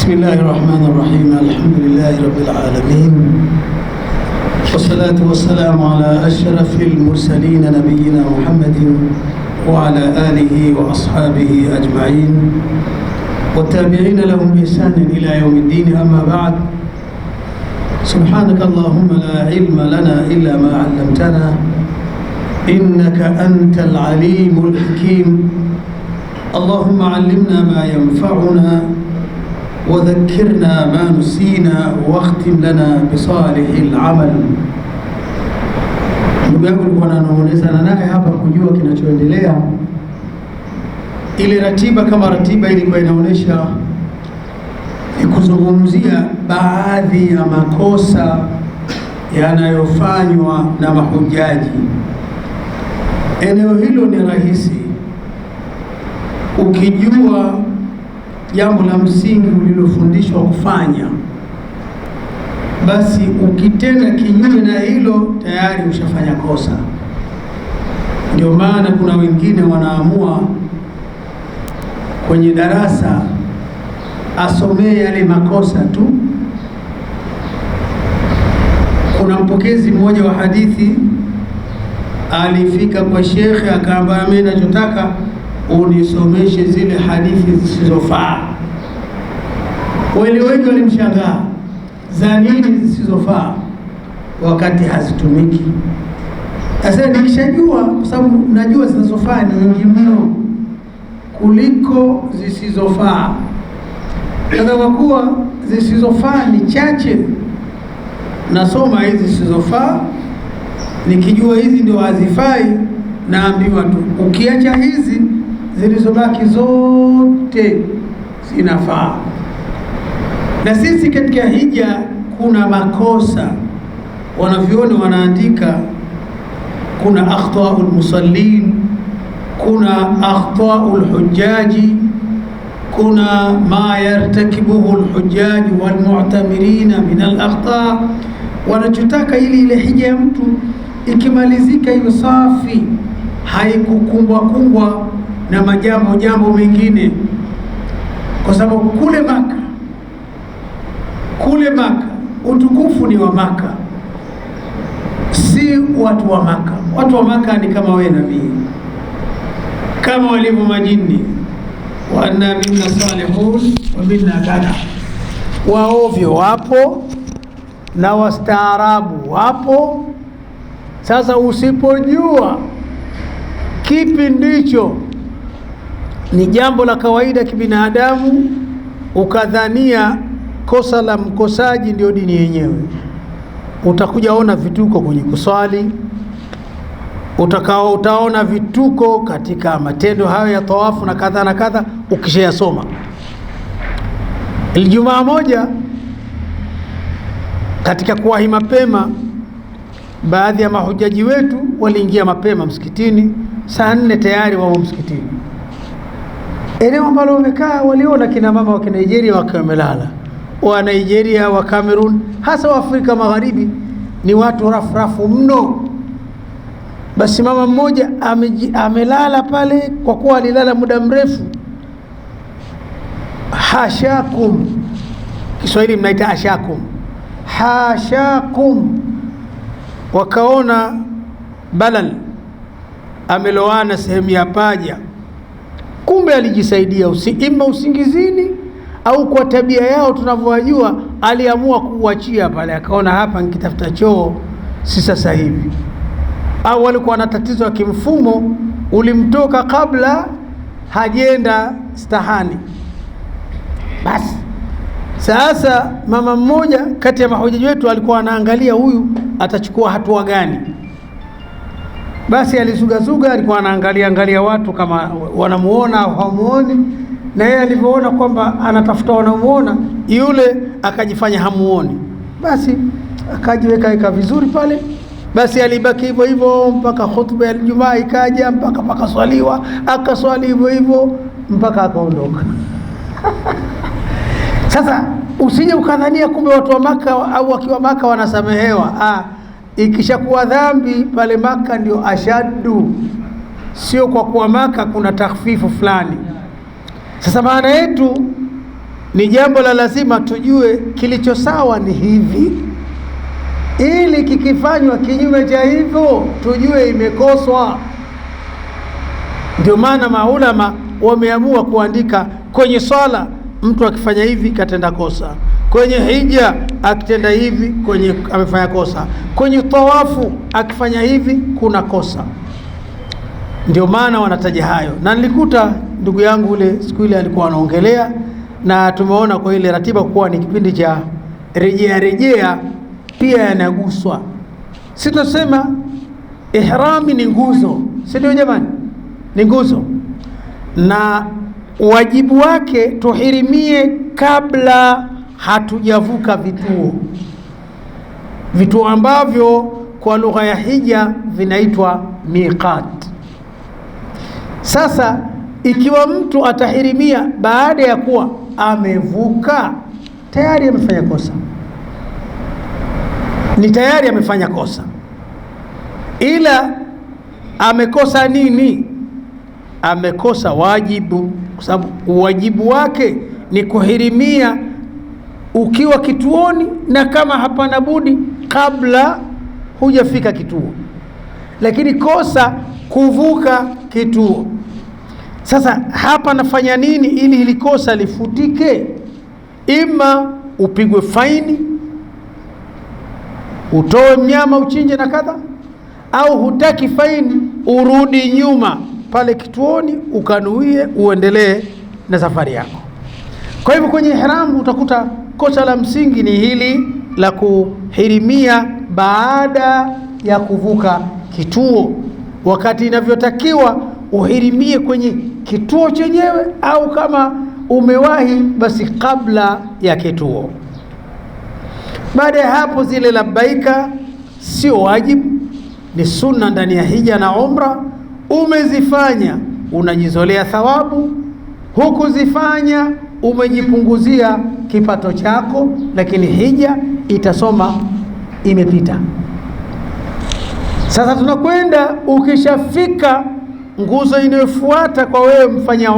بسم الله الرحمن الرحيم الحمد لله رب العالمين والصلاة والسلام على أشرف المرسلين نبينا محمد وعلى آله وأصحابه أجمعين والتابعين لهم بإحسان إلى يوم الدين أما بعد سبحانك اللهم لا علم لنا إلا ما علمتنا إنك أنت العليم الحكيم اللهم علمنا ما ينفعنا وذكرنا ما نسينا واختم lana بصالح العمل Ndugu yangu alikuwa nanong'onezana naye hapa kujua kinachoendelea. Ile ratiba kama ratiba ilikuwa inaonyesha kuzungumzia baadhi ya makosa yanayofanywa na mahujaji. Eneo hilo ni rahisi ukijua jambo la msingi ulilofundishwa kufanya, basi ukitenda kinyume na hilo tayari ushafanya kosa. Ndio maana kuna wengine wanaamua kwenye darasa asomee yale makosa tu. Kuna mpokezi mmoja wa hadithi alifika kwa shekhe, akaambia mimi ninachotaka unisomeshe zile hadithi zisizofaa. Wale wengi walimshangaa za nini zisizofaa wakati hazitumiki. Sasa nikishajua, kwa sababu najua zinazofaa ni nyingi mno kuliko zisizofaa. Sasa kwa kuwa zisizofaa ni chache, nasoma hizi zisizofaa, nikijua hizi ndio hazifai, naambiwa tu ukiacha hizi zilizobaki zote zinafaa. Na sisi katika hija kuna makosa, wanavyoona wanaandika kuna akhtaul musallin, kuna akhtaul hujaji, kuna ma yartakibuhu lhujaji walmu'tamirina min alakhta. Wanachotaka ili ile hija ya mtu ikimalizika iwe safi, haikukumbwa kumbwa na majambo jambo mengine, kwa sababu kule Maka, kule Maka utukufu ni wa Maka, si watu wa Maka. Watu wa Maka ni kama wewe na mimi, kama walivyo majini wa anna minna salihun wa minna kada, waovyo wapo na wastaarabu wapo. Sasa usipojua kipi ndicho ni jambo la kawaida kibinadamu ukadhania kosa la mkosaji ndio dini yenyewe. utakujaona vituko kwenye kuswali, utakao utaona vituko katika matendo hayo ya tawafu na kadha na kadha. Ukishayasoma Ijumaa moja katika kuwahi mapema, baadhi ya mahujaji wetu waliingia mapema msikitini saa nne, tayari wao msikitini eneo ambalo wamekaa waliona kina mama wa Nigeria wakiwa wamelala, wa Nigeria wa Cameroon, hasa wa Afrika Magharibi ni watu rafurafu mno. Basi mama mmoja amelala pale, kwa kuwa alilala muda mrefu. Hashakum, Kiswahili mnaita ashakum, hashakum. Wakaona balal ameloana sehemu ya paja kumbe alijisaidia usi, ima usingizini au kwa tabia yao tunavyowajua, aliamua kuuachia pale, akaona hapa nikitafuta choo si sasa hivi, au walikuwa na tatizo ya kimfumo, ulimtoka kabla hajenda stahani. Basi sasa, mama mmoja kati ya mahujaji wetu alikuwa anaangalia huyu atachukua hatua gani. Basi alizugazuga, alikuwa anaangalia angalia watu kama wanamuona au hamuoni, na yeye alivyoona kwamba anatafuta wanamuona, yule akajifanya hamuoni, basi akajiweka vizuri pale. Basi alibaki hivyo hivyo mpaka khutba ya Ijumaa ikaja, mpaka pakaswaliwa, akaswali hivyo hivyo mpaka akaondoka. Sasa usije ukadhania kumbe watu wa Maka au wakiwa Maka wanasamehewa. Ah, ikishakuwa dhambi pale Maka ndio ashaddu, sio kwa kuwa Maka kuna takhfifu fulani. Sasa maana yetu ni jambo la lazima tujue kilicho sawa ni hivi, ili kikifanywa kinyume cha hivyo tujue imekoswa. Ndio maana maulama wameamua kuandika kwenye swala, mtu akifanya hivi katenda kosa. Kwenye hija akitenda hivi kwenye amefanya kosa, kwenye tawafu akifanya hivi kuna kosa. Ndio maana wanataja hayo, na nilikuta ndugu yangu ule siku ile alikuwa anaongelea, na tumeona kwa ile ratiba kuwa ni kipindi cha rejea rejea, pia yanaguswa. Si tunasema ihrami ni nguzo, si ndio? Jamani, ni nguzo na wajibu wake tuhirimie kabla hatujavuka vituo, vituo ambavyo kwa lugha ya hija vinaitwa miqat. Sasa ikiwa mtu atahirimia baada ya kuwa amevuka tayari, amefanya kosa, ni tayari amefanya kosa. Ila amekosa nini? Amekosa wajibu, kwa sababu uwajibu wake ni kuhirimia ukiwa kituoni na kama hapana budi, kabla hujafika kituo, lakini kosa kuvuka kituo. Sasa hapa nafanya nini ili hili kosa lifutike? Ima upigwe faini, utoe mnyama uchinje na kadha, au hutaki faini, urudi nyuma pale kituoni, ukanuie uendelee na safari yako. Kwa hivyo kwenye ihramu utakuta kosa la msingi ni hili la kuhirimia baada ya kuvuka kituo, wakati inavyotakiwa uhirimie kwenye kituo chenyewe, au kama umewahi basi kabla ya kituo. Baada ya hapo, zile labbaika sio wajibu, ni sunna ndani ya hija na umra. Umezifanya unajizolea thawabu, hukuzifanya umejipunguzia kipato chako, lakini hija itasoma imepita. Sasa tunakwenda, ukishafika nguzo inayofuata kwa wewe mfanya